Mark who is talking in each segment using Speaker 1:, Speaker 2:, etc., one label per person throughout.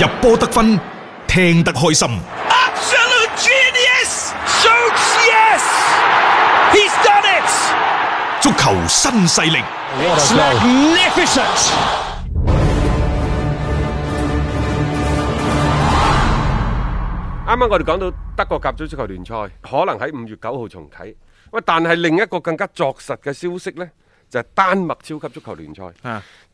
Speaker 1: 入波得分，聽得開心。
Speaker 2: 足球新勢力。啱啱我哋講到德國甲組足球聯賽可能喺五月九號重啟，喂，但係另一個更加作實嘅消息呢。就丹麥超級足球聯賽，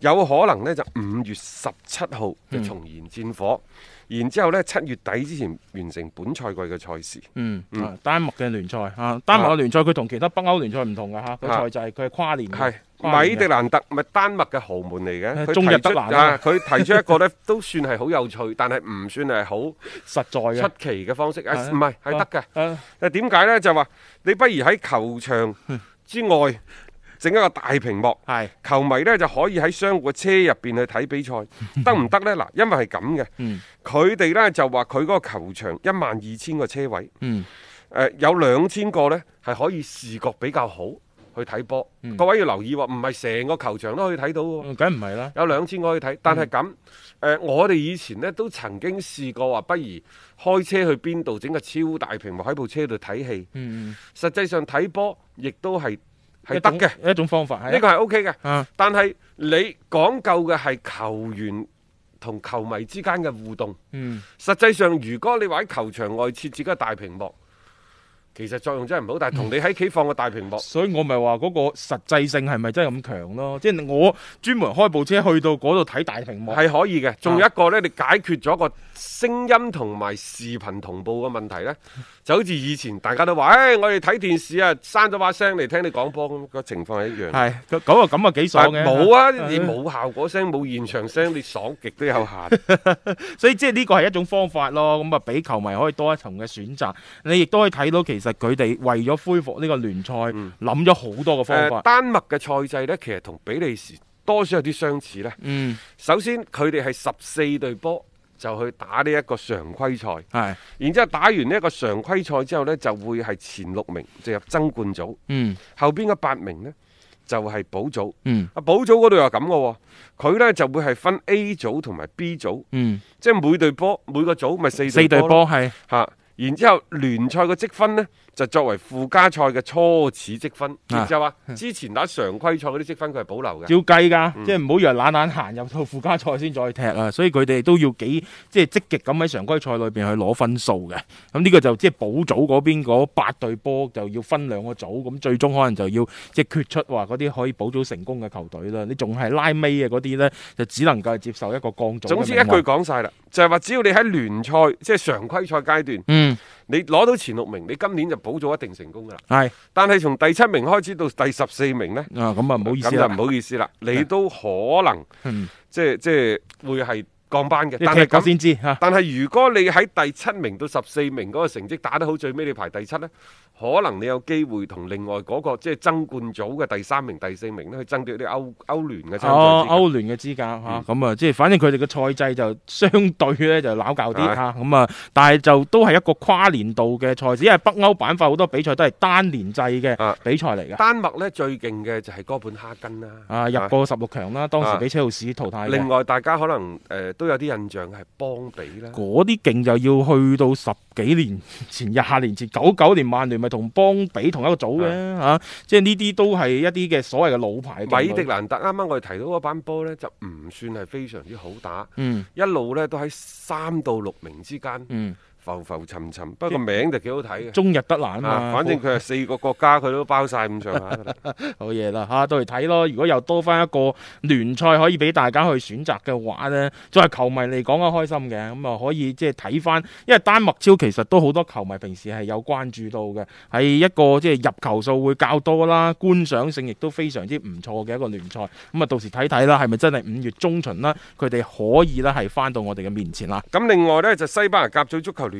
Speaker 2: 有可能呢就五月十七號就重燃戰火，然之後呢七月底之前完成本賽季嘅賽事。嗯，丹麥嘅聯賽，啊，丹麥嘅
Speaker 1: 聯賽佢同其他北歐聯賽唔同嘅嚇，個賽制
Speaker 2: 佢係跨年嘅。米迪蘭特咪丹麥嘅豪門嚟嘅，中日德蘭啊，佢提出一個呢都算係好有趣，但係唔算係好實在，出奇嘅方式。唔係，係得嘅。誒點解呢？就話你不如喺球場之外。整一個大屏幕，係是球迷呢就可以喺商戶嘅車入邊去睇比賽，得唔得呢？嗱，因為係咁嘅，佢哋、嗯、呢就話佢嗰個球場一萬二千個車位，誒、嗯呃、有兩千個呢係可以視覺比較好去睇波。嗯、各位要留意喎，唔係成個球場都可以睇到喎，梗唔係啦。有兩千個可以睇，但係咁誒，我哋以前呢都曾經試過話，不如開車去邊度整個超大屏幕喺部車度睇戲。嗯、實際上睇波亦都係。係得嘅，一種方法係呢個係 OK 嘅，OK，但係你講究嘅係球員同球迷之間嘅互動。嗯，實際上，如果你話喺球場外設置個大屏幕。其實作用真係唔好，但係同你喺屋企放個大屏幕，嗯、所
Speaker 1: 以我咪話嗰個實際性係咪真係咁強咯？即、就、係、是、我專門開部車去到嗰度睇大屏幕係可
Speaker 2: 以嘅。仲有一個呢，你解決咗個聲音同埋視頻同步嘅問題呢，就好似以前大家都話，誒、欸，我哋睇電視啊，閂咗把聲嚟聽你廣播咁，那個情況係一樣。係咁啊，咁啊幾爽嘅。冇啊，你冇效果聲，冇的現場聲，你爽極都有限。
Speaker 1: 所以即係呢個係一種方法咯。咁啊，俾球迷可以多一層嘅選擇，你亦都可以睇到其。其實佢哋為咗恢復呢個聯賽，諗咗好多個方法。
Speaker 2: 丹麥嘅賽制呢，其實同比利時多少有啲相似呢。嗯，首先佢哋係十四隊波就去打呢一個常規賽。係，然之後打完呢一個常規賽之後呢，就會係前六名進入爭冠組。嗯，後邊嘅八名呢，就係保組。嗯，啊保組嗰度又咁嘅，佢呢就會係分 A 組同埋 B 組。嗯，即係每隊波每個組咪四四隊波係吓。然之後聯賽嘅積分咧，就作為附加賽嘅初始積分，然之後啊，之前打常規賽嗰啲積分佢係保留嘅，照計嗯、要計㗎，即係
Speaker 1: 唔好以為懶懶行入到附加賽先再踢啊，所以佢哋都要幾即係積極咁喺常規賽裏邊去攞分數嘅。咁呢個就即係補組嗰邊嗰八隊波就要分兩個組，咁最終可能就要即係決出話嗰啲可以補組成功嘅球隊啦。你仲係拉尾嘅嗰啲呢，就只能夠接受一個降組嘅情況。總之一句
Speaker 2: 講晒啦，就係、是、話只要你喺聯賽即係、就是、常規賽階段，嗯、你攞到前六名，你今年就補咗一定成功噶啦，係是。但係從第七名開始到第十四名呢，咁啊唔好意思啦，唔好意思啦，你都可能即係即係會係降班嘅。你踢過先知，但係如果你喺第七名到十四名嗰個成績打得好，最尾你排第七呢。可能你有機會同另外嗰、那個即係爭冠組嘅第三名、第四名咧，去爭奪啲歐歐聯嘅哦，
Speaker 1: 歐聯嘅資格嚇。咁啊，即係、啊嗯、反正佢哋嘅賽制就相對咧就撈攪啲嚇。咁啊，啊，但係就都係一個跨年度嘅賽制，因為北歐板塊好多比賽都係單年制嘅比賽嚟嘅、啊。丹
Speaker 2: 麥咧最勁嘅就係哥本哈根啦、
Speaker 1: 啊啊啊，啊入過十六強啦，當時俾車路士淘汰。另
Speaker 2: 外大家可能誒、呃、都有啲印象係邦比啦，嗰
Speaker 1: 啲勁就要去到十。幾年前、廿年前、九九年，曼聯咪同邦比同一個組嘅嚇是的、啊，即係呢啲都係一啲嘅所謂嘅老牌。米迪蘭
Speaker 2: 特啱啱我哋提到嗰班波呢，就唔算係非常之好打，嗯、一路呢都喺三到六名之間。嗯浮浮沉沉，不過名就幾好睇嘅。中日德蘭啊，好反正佢係四個國家，佢都包晒咁上下好
Speaker 1: 嘢啦，吓、啊、到嚟睇咯。如果有多翻一個聯賽可以俾大家去選擇嘅話呢，作為球迷嚟講啊，開心嘅咁啊，可以即係睇翻。因為丹麥超其實都好多球迷平時係有關注到嘅，係一個即係入球數會較多啦，觀賞性亦都非常之唔錯嘅一個聯賽。咁、嗯、啊，到時睇睇啦，係咪真係五月中旬啦，佢哋可
Speaker 2: 以咧係翻到我哋嘅面前啦。咁另外呢，就是、西班牙甲組足球聯。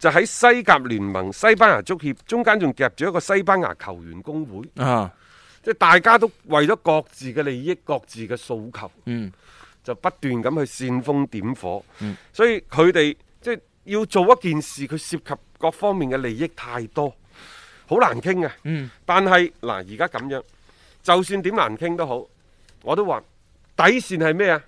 Speaker 2: 就喺西甲聯盟、西班牙足協中間，仲夾住一個西班牙球員工會，啊，即係大家都為咗各自嘅利益、各自嘅訴求，嗯，就不斷咁去煽風點火，嗯，所以佢哋即係要做一件事，佢涉及各方面嘅利益太多，好難傾嘅，嗯，但係嗱，而家咁樣，就算點難傾都好，我都話底線係咩啊？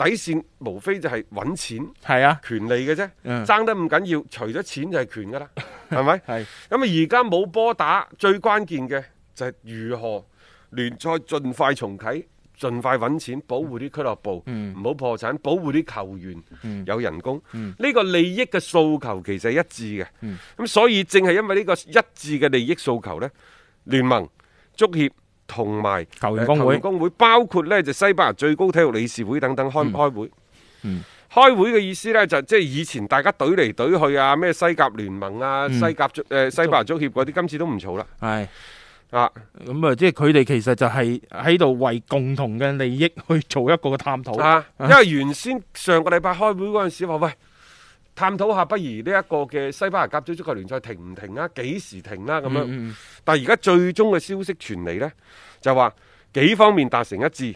Speaker 2: 底線無非就係揾錢，係啊，權利嘅啫，爭得咁緊要，除咗錢就係權噶啦，係咪？係，咁啊而家冇波打，最關鍵嘅就係如何聯賽盡快重啟，盡快揾錢，保護啲俱樂部，唔好破產，保護啲球員，有人工，呢個利益嘅訴求其實係一致嘅，咁所以正係因為呢個一致嘅利益訴求呢，聯盟、足協。同埋球員工，工會，包括呢就是、西班牙最高體育理事會等等開唔開會？嗯，嗯開會嘅意思呢，就即、是、係以前大家對嚟對去啊，咩西甲聯盟啊、嗯、西甲誒、呃、西班牙足協嗰啲，就今次都唔嘈啦。係是啊，
Speaker 1: 咁啊，即係佢哋其實就係喺度為共同嘅利益去做一個嘅探討。啊，因為
Speaker 2: 原先上個禮拜開會嗰陣時話喂。探討下，不如呢一個嘅西班牙甲組足球聯賽停唔停啊？幾時停啦，啊？咁樣。嗯嗯，但係而家最終嘅消息傳嚟呢，就話幾方面達成一致，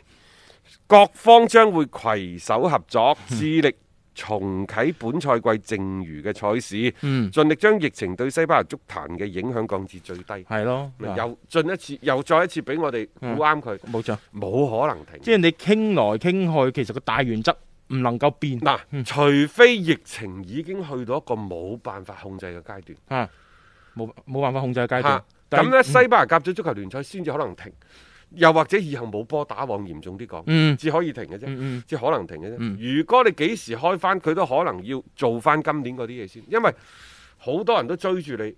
Speaker 2: 各方將會攜手合作，致力重啟本賽季剩餘嘅賽事，盡、嗯、力將疫情對西班牙足壇嘅影響降至最低。係咯，又進一次，又再一次俾我哋估啱佢，冇錯、嗯，冇可能停。即係你傾來傾去，
Speaker 1: 其實個大原則。唔能夠變嗱、啊，除非疫
Speaker 2: 情已經去到一個冇辦法控制嘅階段，嚇
Speaker 1: 冇冇辦法控制嘅階段。咁呢、啊，是西
Speaker 2: 班牙甲組足球聯賽先至可能停，嗯、又或者以後冇波打往嚴重啲講，只、嗯、可以停嘅啫，只、嗯、可能停嘅啫。嗯、如果你幾時開翻，佢都可能要做翻今年嗰啲嘢先，因為好多人都追住你。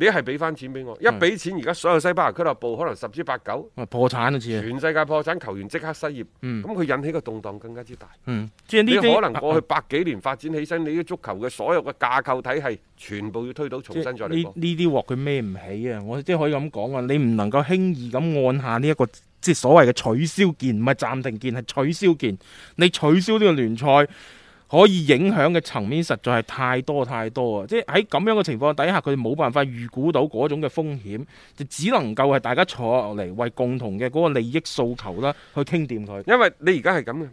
Speaker 2: 你一係俾翻錢俾我，一俾錢而家所有西班牙俱樂部可能十之八九
Speaker 1: 破產都、啊、似，全
Speaker 2: 世界破產，球員即刻失業。咁佢、嗯、引起個動盪更加之大。嗯，即係呢啲可能過去百幾年發展起身，你啲足球嘅所有嘅架構體系，全部要推倒重新再嚟。
Speaker 1: 呢啲呢鑊佢孭唔起啊！我即係可以咁講啊，你唔能夠輕易咁按下呢、這、一個即係所謂嘅取消鍵，唔係暫停鍵，係取消鍵。你取消呢個聯賽。可以影響嘅層面實在係太多太多啊！即喺咁樣嘅情況底下，佢哋冇辦法預估到嗰種嘅風險，就只能夠係大家
Speaker 2: 坐落嚟為共同嘅嗰個利益訴求啦，去傾掂佢。因為你而家係咁嘅，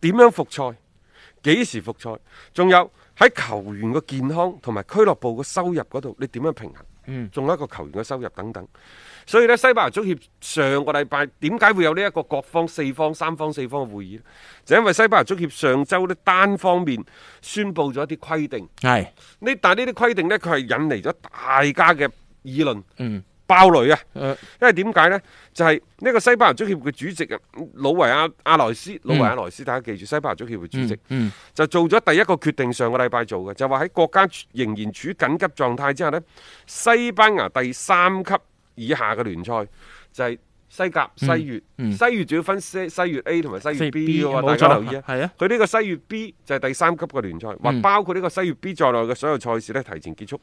Speaker 2: 點樣復賽？幾時復賽？仲有喺球員嘅健康同埋俱樂部嘅收入嗰度，你點樣平衡？嗯，仲有一個球員嘅收入等等，所以咧，西班牙足協上個禮拜點解會有呢一個各方四方三方四方嘅會議咧？就因為西班牙足協上周咧單方面宣布咗一啲規定，係是，呢但係呢啲規定呢，佢係引嚟咗大家嘅議論。嗯。爆雷啊！因為點解呢？就係、是、呢個西班牙足協嘅主席啊，老維亞阿萊斯，老維亞萊斯，大家記住西班牙足協主席，嗯嗯、就做咗第一個決定，上個禮拜做嘅，就話喺國家仍然處緊急狀態之下呢，西班牙第三級以下嘅聯賽就係、是、西甲、西乙、嗯嗯、西乙，仲要分西西乙 A 同埋西乙 B, 西 B 大家留意啊！佢呢錯個西乙 B 就係第三級嘅聯賽，話包括呢個西乙 B 在內嘅所有賽事呢，提前結束。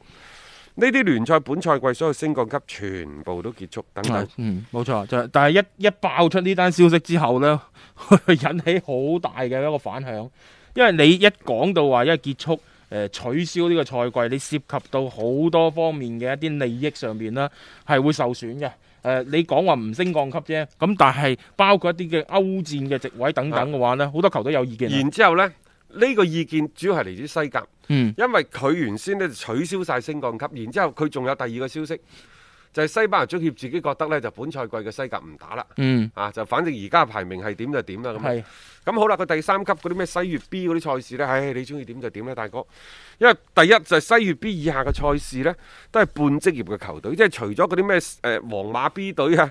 Speaker 2: 呢啲聯賽本賽季所有升降級全部都結束，等等，嗯，冇錯，就係、但係一一爆出呢單消息之後呢， 引
Speaker 1: 起好大嘅一個反響，因為你一講到話一個結束，誒、呃、取消呢個賽季，你涉及到好多方面嘅一啲利益上面啦，係會受損嘅。誒、呃，你講話唔升降級啫，咁但係包括一啲嘅歐戰嘅席位等等嘅話呢，好、啊、
Speaker 2: 多球隊有意見，然之後呢。呢個意見主要係嚟自西甲，因為佢原先咧取消晒升降級，然之後佢仲有第二個消息，就係、是、西班牙足協自己覺得呢，就本賽季嘅西甲唔打啦，嗯、啊就反正而家排名係點就點啦咁。咁是好啦，佢第三級嗰啲咩西乙 B 嗰啲賽事呢？唉、哎、你中意點就點呢，大哥，因為第一就係、是、西乙 B 以下嘅賽事呢，都係半職業嘅球隊，即係除咗嗰啲咩誒皇馬 B 隊啊、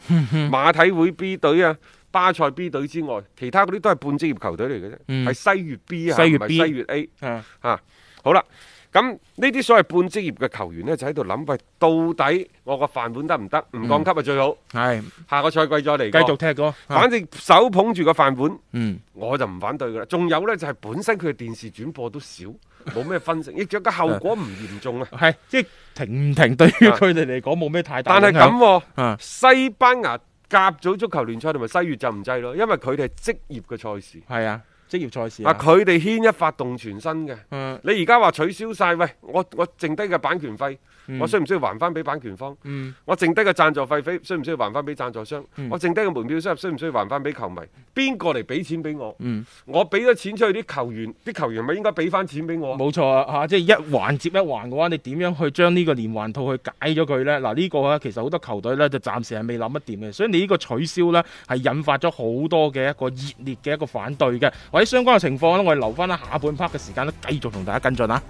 Speaker 2: 馬體會 B 隊啊。巴塞 B 隊之外，其他嗰啲都係半職業球隊嚟嘅啫，係、嗯、西越 B 啊，唔係西越 A 啊是，好啦。咁呢啲所謂半職業嘅球員呢，就喺度諗喂，到底我個飯碗得唔得？唔降級就最好。係、嗯、下個賽季再嚟，繼續踢咯。反正手捧住個飯碗，嗯是，我就唔反對噶啦。仲有呢，就係、是、本身佢嘅電視轉播都少，冇咩分成，亦仲個後果唔嚴重啊。係即係
Speaker 1: 停唔停，對於佢哋嚟講冇咩太大。但係咁，啊，
Speaker 2: 西班牙。甲組足球聯賽同埋西乙就唔制咯，因為佢哋係職業嘅賽事。係啊。職業賽事啊，佢哋牽一發動全身嘅。啊、你而家話取消晒，喂，我我剩低嘅版權費，嗯、我需唔需要還翻俾版權方？嗯，我剩低嘅贊助費，非需唔需要還翻俾贊助商？嗯、我剩低嘅門票收入，需唔需要還翻俾球迷？邊個嚟俾錢俾我？嗯，我俾咗錢出去啲球員，啲球員咪應該俾翻錢俾我？
Speaker 1: 冇錯啊，嚇！即係一環接一環嘅話，你點樣去將呢個連環套去解咗佢呢？嗱、啊，呢、呢個啊，其實好多球隊咧就暫時係未諗得掂嘅，所以你呢個取消咧係引發咗好多嘅一個熱烈嘅一個反對嘅。喺相關嘅情況咧，我哋留翻喺下半 part 嘅時間咧，繼續同大家跟進啊。